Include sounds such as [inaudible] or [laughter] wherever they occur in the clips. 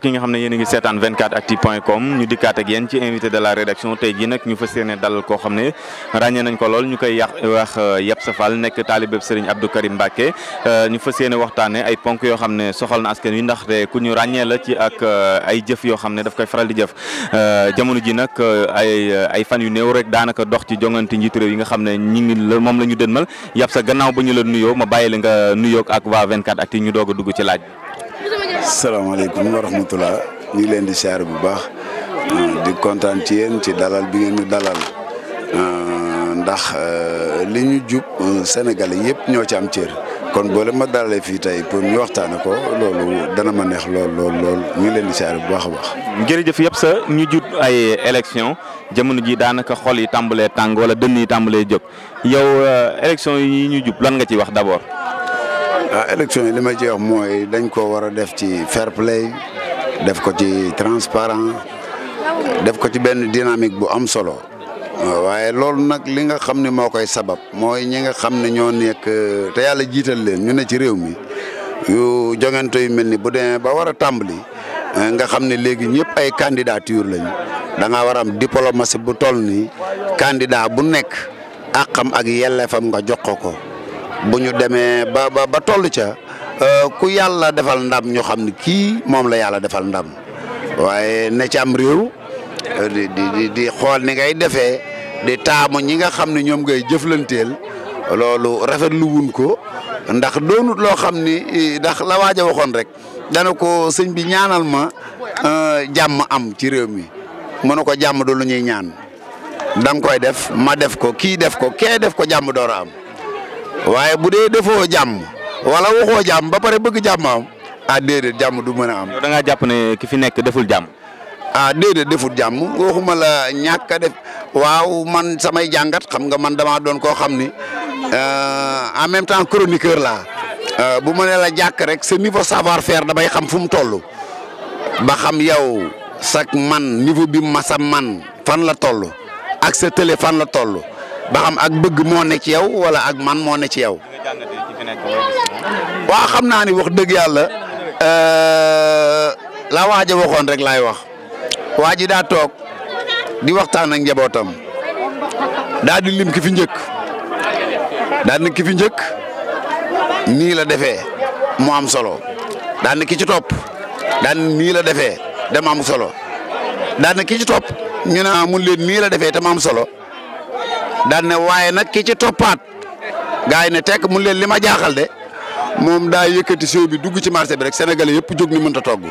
ki nga xam ne yéen a ngi seetaan 24actu point com ñu dikkaat ak yéen ci invité de la rédaction tey jii nag ñu fas yéene dal koo xam ne ràññee nañ ko lool ñu koy yàq wax euh, Yabsa Fall nekk taalibeb Serigne Abdou Karim Mbacke euh, ñu fas yéene waxtaanee ay ponk yoo xam ne soxal na askan wi ndaxte ku ñu ràññee la ci ak euh, ay jëf yoo xam ne daf koy faral di jëf jamono ji nag ay ay fan yu new rek daanaka dox ci jongante njiitu réew yi nga xam ne ñi ngi la moom la ñu dënmal Yabsa gannaaw ba ñu la nuyoo ma bàyyi la nga nuyoo ak waa 24actu ñu doog a dugg ci laaj salaamaaleykum wa rahmatulah ñu ngi leen di siyaare bu baax ah, di kontaan ci yéen ci dalal bi ngeen ñu dalal ah, ndax euh, li ñu jub euh, Sénégalais yëpp ñoo ci am cër kon boole ma dalalee fii tey pour ñu waxtaane ko loolu dana ma neex lool lool ñu ngi leen di siyaare bu baax a baax. jërëjëf yëpp sa ñu jut ay élection jamono ji daanaka xol yi tàmbalee tàng wala dënn yi tàmbalee jóg yow euh, élection yi ñu jub lan nga ci wax d'abord. a ah, élection yi lima ma mooy dañ ko war a def ci fair play def ko ci transparent def ko ci benn dynamique bu am solo ah, waaye loolu nag li nga xam ni moo koy sabab mooy ñi nga xam ne ñoo nekk te yàlla jiital leen ñu ne ci réew mi yu jongante yu mel ni bu demee ba war a tàmbali eh, nga xam ne léegi ñëpp ay candidature lañu da ngaa war a am diplomatie bu toll nii candidat bu nekk àqam ak yelleefam nga jox ko ko bu ñu demee ba ba toll ca euh, ku yàlla defal ndam ñu xam ne kii moom la yàlla defal ndam waaye ne ci am réew euh, di xool ni ngay defee di taamu ñi nga xam ne ñoom ngay jëflanteel loolu rafetlu wuñ ko ndax doonut loo xam ni eh, ndax la waaj a waxoon rek dana ko sëñ bi ñaanal ma euh, jàmm am ci réew mi mu ko jàmm du lu ñuy ñaan da koy def ma def ko kii def ko kee def ko jàmm door am. waaye bu dee defoo jàmm wala waxoo jàmm ba pare bëgg jàmm am ah déedéet jàmm du mën a am. yow da ngaa jàpp ne ki fi nekk deful jàmm. ah déedéet deful jàmm waxuma la ñàkk a def waaw man samay jàngat xam nga man damaa doon koo xam ni euh, en même temps chroniqueur laa euh, bu mënee la jàkk rek sa niveau savoir faire damay xam fu mu toll ba xam yow sak man niveau bi masa man fan la toll ak sa télé fan la toll. ba xam ak bëgg moo ne ci yow wala ak man moo ne ci yow. waa naa ni wax dëgg yàlla euh, la waaja waxoon rek laay wax waa ji daa toog di waxtaan ak njabootam daa di lim ki fi njëkk daa di ki fi njëkk nii la defee mu am solo daa di ki ci topp da di la defee dama am solo daa di ki ci top ñu ne mun leen nii la defee te mu am solo. daan waaye nag ki ci toppaat gaa yi ne tekk mun leen li ma jaaxal de moom daa yëkkati séew bi dugg ci marché bi rek sénégalais yëpp jóg ni mënta togg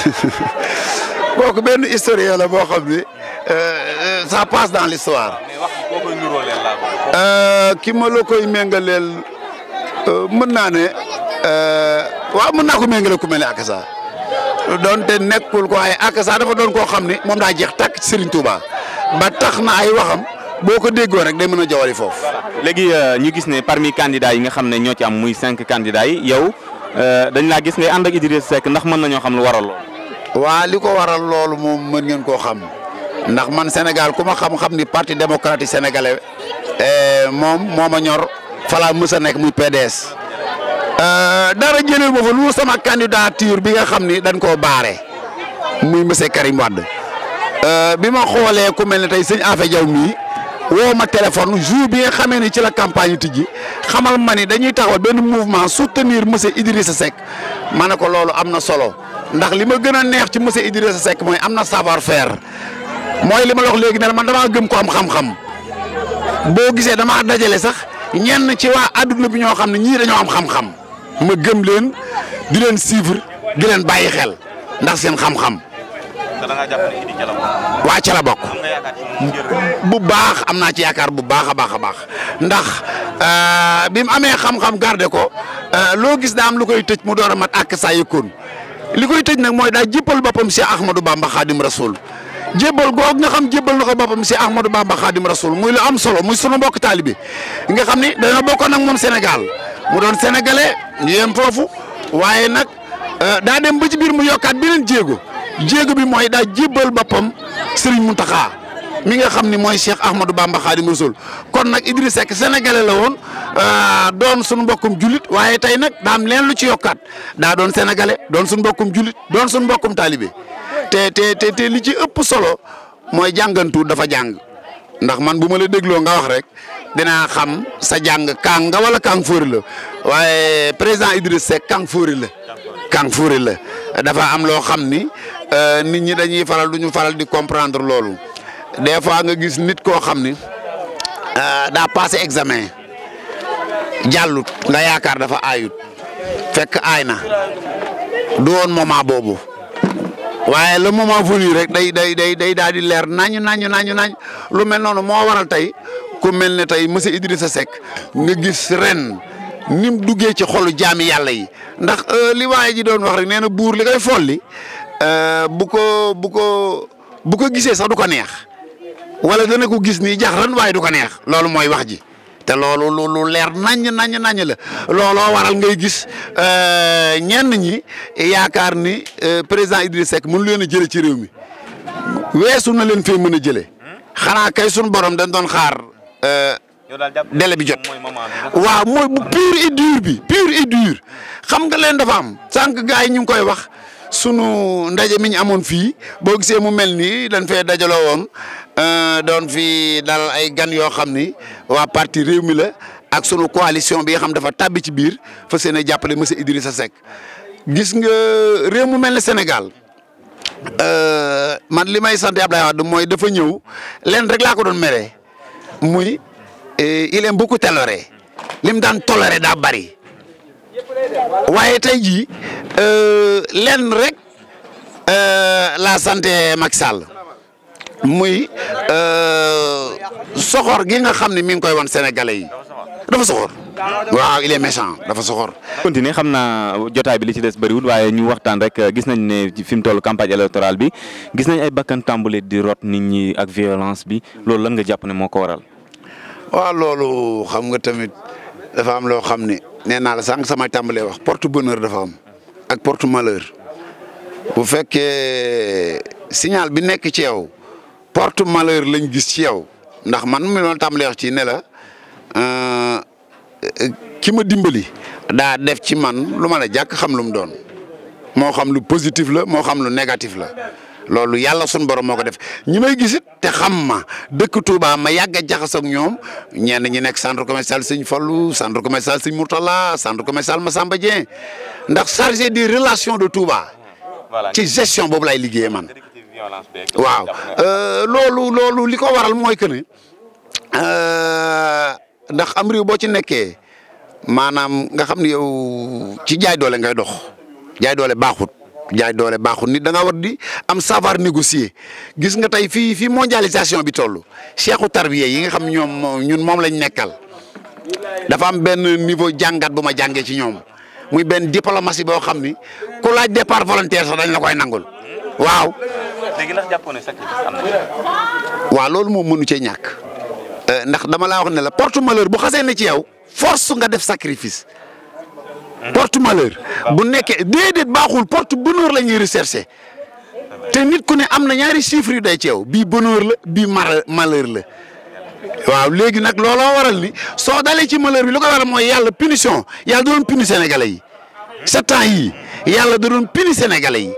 [laughs] kooku benn historien la boo xam ne euh, euh, ça passe dans l'histoire euh, ki ma la koy mengaleel mën naa ne waaw mën naa ko méngale ku mel ne Akasa donte nekkul ko ay Akasa dafa doon koo xam ne moom daa jeex tàkk Serigne Touba ba tax na ay waxam. boo ko déggoo rek day mën a jawali foofu. léegi euh, ñu gis ne parmi candidats yi nga xam ne ñoo ci am muy cinq candidats yi yow euh, dañ laa gis ngay ànd ak Idrissa Seck ndax mën nañoo xam lu waral loolu. waa li ko waral loolu moom mën ngeen koo xam ndax man Sénégal ku ma xam-xam ni parti démocratique sénégalais euh, moom moom a ñor falaa mës nekk muy PDS. dara jëleel ma fa lu sama candidature bi nga xam ni dañ koo baare muy monsieur Karim Wade bi ma xoolee mel ne tey woo ma téléphone jour bi nga xamee ni ci la campagne tijji xamal ma ni dañuy taxawal benn mouvement soutenir monsieur Idrissa Seck ma ne ko loolu am na solo ndax li ma gën a neex ci monsieur sa Seck mooy am na savoir faire mooy li ma léegi ne man damaa gëm ko am xam-xam boo gisee damaa dajale sax ñeen ci waa adduna bi ñoo xam ne ñii dañoo am xam-xam ma gëm leen di leen suivre di leen bàyyi xel ndax seen xam-xam. waa ca la bokk bu baax am naa ci yaakaar bu baax a baax a baax ndax euh, bi amee xam-xam garde ko euh, loo gis daa am lu koy tëj mu door a mat ak saa yëkkoon li koy tëj nag mooy daa jébbal boppam si Ahmadou Bamba Khadim Rasoul jébbal goog nga xam jébbal na ko boppam si Ahmadou Bamba Khadim Rasoul muy lu am solo muy sunu mbokk taalibe nga xam ni dana bokkoon ak moom Sénégal mu doon sénégalais ñu yem foofu waaye nag euh, daa dem ba ci biir mu yokkaat beneen jéego. jéego bi mooy daa jébbal boppam Serigne Mountakha mi nga xam ni mooy Cheikh Ahmadou Bamba Khadim sol kon nag Idrissa sek sénégalais la woon euh, doon suñu mbokkum julit waaye tey nag daa leen lu ci yokkaat daa doon sénégalais doon suñu mbokkum julit doon suñu mbokkum taalibe te te te te li ci ëpp solo mooy jàngantu dafa jàng ndax man bu ma la dégloo nga wax rek dinaa xam sa jàng kàng nga wala kàng la waaye président Idrissa Seck kàng fóori la kàng dafa am loo xam ni Euh, nit ñi dañuy faral du ñu faral di comprendre loolu des fois nga gis nit koo xam ni euh, daa passé examen jàllut nga yaakaar dafa ayut fekk aay na du woon moment boobu waaye le moment venu rek day day day day daal di leer nañu nañu nañu nañ lu mel noonu moo waral tey ku mel ne tey monsieur Idrissa Seck nga gis ren nim duggee ci xolu jaami yàlla yi ndax euh, li waaye ji doon wax rek nee buur li folli Euh, bu ko bu ko bu ko gisee sax du ko neex wala dana ko gis nii jaxran waaye du ko neex loolu mooy wax ji te loolu lu leer naññ naññ naññ la looloo waral ngay gis euh, ñenn ñi yaakaar ni euh, président Idrissa Seck mënu leen a jëlee ci réew mi weesu na leen fee mën a jëlee xanaa kay sunu borom dañ doon xaar. délai bi jot waaw mooy bu pur et dur bi pur et dur xam nga leen dafa am sànq gars yi ñu ngi koy wax. sunu ndaje mi ñu amoon fii boo gisee mu mel nii dañ fee dajaloo woon euh, doon fi dal ay gan yoo xam ni waa parti réew mi la ak sunu coalition bi nga xam dafa tàbbi ci biir fa seen a jàppale monsieur sa Seck gis nga réew mu mel ne Sénégal. Euh, man li may sant Abdoulaye mooy dafa ñëw leen rek laa ko doon mere muy euh, il aime beaucoup toléré lim daan toléré daa bari waaye tey jii Euh, lenn rek euh, la santé Macky Sall muy euh, soxor gi nga xam ne mi ngi koy wan sénégalais yi dafa soxor. waaw il est méchant dafa soxor. continuer xam naa jotaay bi li ci des bëriwul waaye ñu waxtaan rek gis nañ ne fi mu toll campagne électorale bi gis nañ ay bakkan tàmbale di rot nit ñi ak violence bi loolu lan nga jàpp ne moo ko waral. waaw loolu xam nga tamit dafa am loo xam ne nee naa la sànq samay tàmbalee wax porte bonheur dafa am. ak porte malheur bu fekkee signal bi nekk ci yow porte malheur lañ gis ci yow ndax man mi doon tàmbalee wax ci ne la euh, ki ma dimbali daa def ci man lu ma la jàkk xam lu mu doon moo xam lu positif la moo xam lu négatif la loolu yàlla sun borom moo ko def ñi gisit te xam ma dëkk Touba ma yàgg a jaxasoog ñoom ñenn ñi nekk centre commercial Sëñ Fallou centre commercial Sëñ Mourtala centre commercial Massamba Dieng ndax chargé des relation de Touba ci gestion boobu lay liggéeyee man waaw euh, loolu loolu li ko waral mooy que euh, ndax am réew boo ci nekkee maanaam nga xam ni yow ci jaay doole ngay dox jaay doole baaxut jaay doole baaxul nit da nga war di am savoir négocier gis nga tey fii fii mondialisation bi toll cheikhu tarbiya yi nga xam ñoom ñun moom lañ nekkal dafa am benn niveau jàngat bu ma jàngee ci ñoom muy benn diplomatie boo xam ni ko laaj départ volontaire sax dañ la koy nangul waaw. léegi ndax jàppoon ne waaw loolu moom mënu cee ñàkk euh, ndax dama laa wax ne la porte malheur bu xasee ne ci yow force nga def sacrifice. porte malheur bu nekkee déedéet baaxul porte bonheur la ñuy te nit ku ne am na ñaari chiffres yu day ceew bii bonheur la bii malheur la waaw léegi nag looloo waral ni soo dalee ci malheur bi lu ko waral mooy yàlla punition yàlla da doon puni sénégalais yi sept ans yii yàlla da doon puni sénégalais yi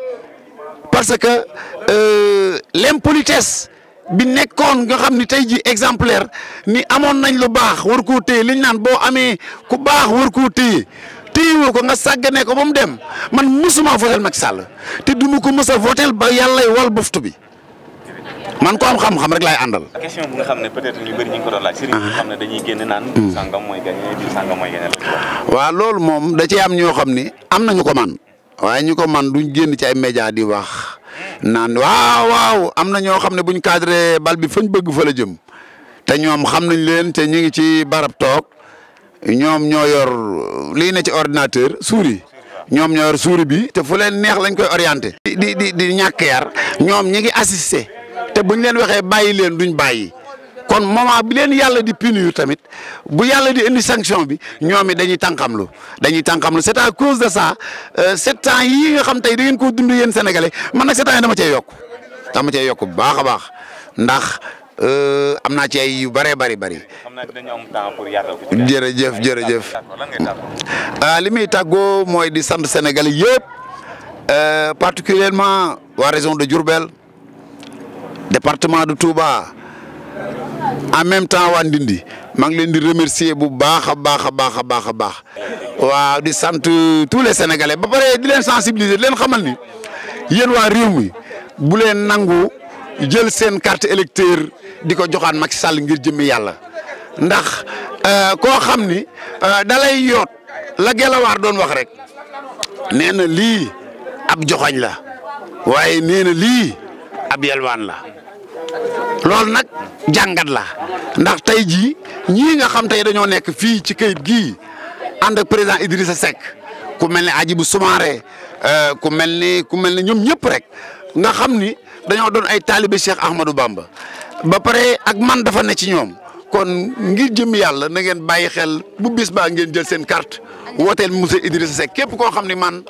parce que euh, l'impolitesse bi nekkoon nga xam ni tey jii exemplaire ni amoon nañ lu baax war koo téye liñ naan boo amee ku baax war koo téye téyewoo ko nga sàgganee ko ba mu dem man musuma votel Macky Sall te duma ko mës a votel ba yàllay wal boftu bi man ko am xam-xam rek laay àndal. question bu dañuy génn naan. Ah. sangam mooy waaw loolu moom da ci am ñoo xam ni am na ñu ko man waaye ñu ko man duñ génn ci ay média di wax naan waaw waaw am na ñoo xam ne buñ cadré bal bi fañ bëgg fa la jëm te ñoom xam nañ leen te ñu ngi ci barab toog. ñoom ñoo yor lii ne ci ordinateur souris ñoom ñoo yor bi te fu leen neex lañ koy orienté. di di di ñàkk yar ñoom ñi ngi assisté te buñ leen waxee bàyyi leen duñ bàyyi kon moment bu leen yàlla di punir tamit bu yàlla di indi sanction bi ñoom it dañuy tànqamlu dañuy tànqamlu c'est à cause de sa euh, sept ans yii nga xam tey da ngeen koo dund yéen sénégalais man nag sept ans yi dama cee yokk dama cee yokk bu baax a baax ndax. Euh, am naa ci ay yu bëree bëri bëri. xam naa dinañu am jërëjëf jërëjëf. ah li muy tàggoo mooy di sant Sénégalais yëpp. Euh, particulièrement waa région de Diourbel département de Touba en même temps wa Ndindi maa ngi leen di remercier bu baax a baax a baax a baax a baax waaw di sant tous les sénégalais ba pare di leen sensibiliser di leen xamal ni yéen waa bu leen nangu. jël seen carte électeur di ko joxaan Macky Sall ngir jëmmi yàlla ndax euh, koo xam ni euh, dalay yoot la gelawaar doon wax rek nee na lii ab joxañ la waaye nee na lii ab yelwaan la loolu nag jàngat la ndax tey ji ñii nga xam tey dañoo nekk fii ci kayit gi ànd ak président Idrissa Seck ku mel ne Hadjibou Soumaré euh, ku mel ni ku mel ne ñoom ñëpp rek nga xam ni dañoo doon ay taalibe Cheikh Ahmadou Bamba ba pare ak man dafa ne ci ñoom kon ngir jëm yàlla na ngeen bàyyi xel bu bis baa ngeen jël seen carte wooteel monsieur Idrissa Seck képp koo xam ni man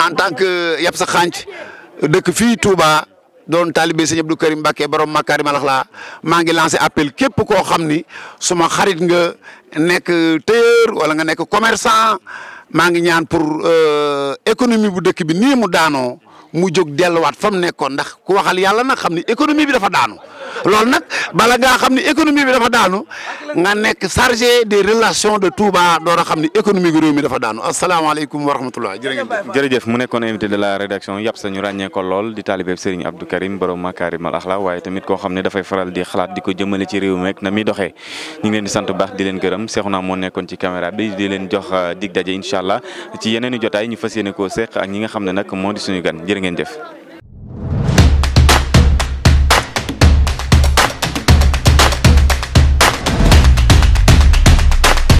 en tant que yab sa xànc dëkk fii Touba doon taalibe sëñ Abdou Karim Mbacke borom a Akhlaa maa ngi lancé appel képp koo xam ni suma xarit nga nekk tailleur wala nga nekk commerçant maa ngi ñaan pour euh, économie bu dëkk bi nii mu daanoo. mu jóg delluwaat fa mu nekkoon ndax ku waxal yàlla nag xam ni économie bi dafa daanu loolu nag bala ngaa xam ni économie bi dafa daanu nga nekk chargé de relations de Touba door a xam ni économie gu réew mi dafa daanu asalaamaaleykum wa rahmatullah jërë ngeen jërëjëf mu nekkoon invité de la rédaction yàpp sañu ràññee ko lool di taalibeeb Serigne Abdou Karim borom Makarimal Axla waaye tamit koo xam ne dafay faral di xalaat di ko jëmale ci réew mi rek na muy doxee ñu ngi di sant baax di leen gërëm Seexuna moo nekkoon ci caméra bi di leen jox euh, dig daje incha ci yeneen i jotaay ñu fas yéene koo ñi nga xam ne nag moo di suñu gan jërë ngeen jëf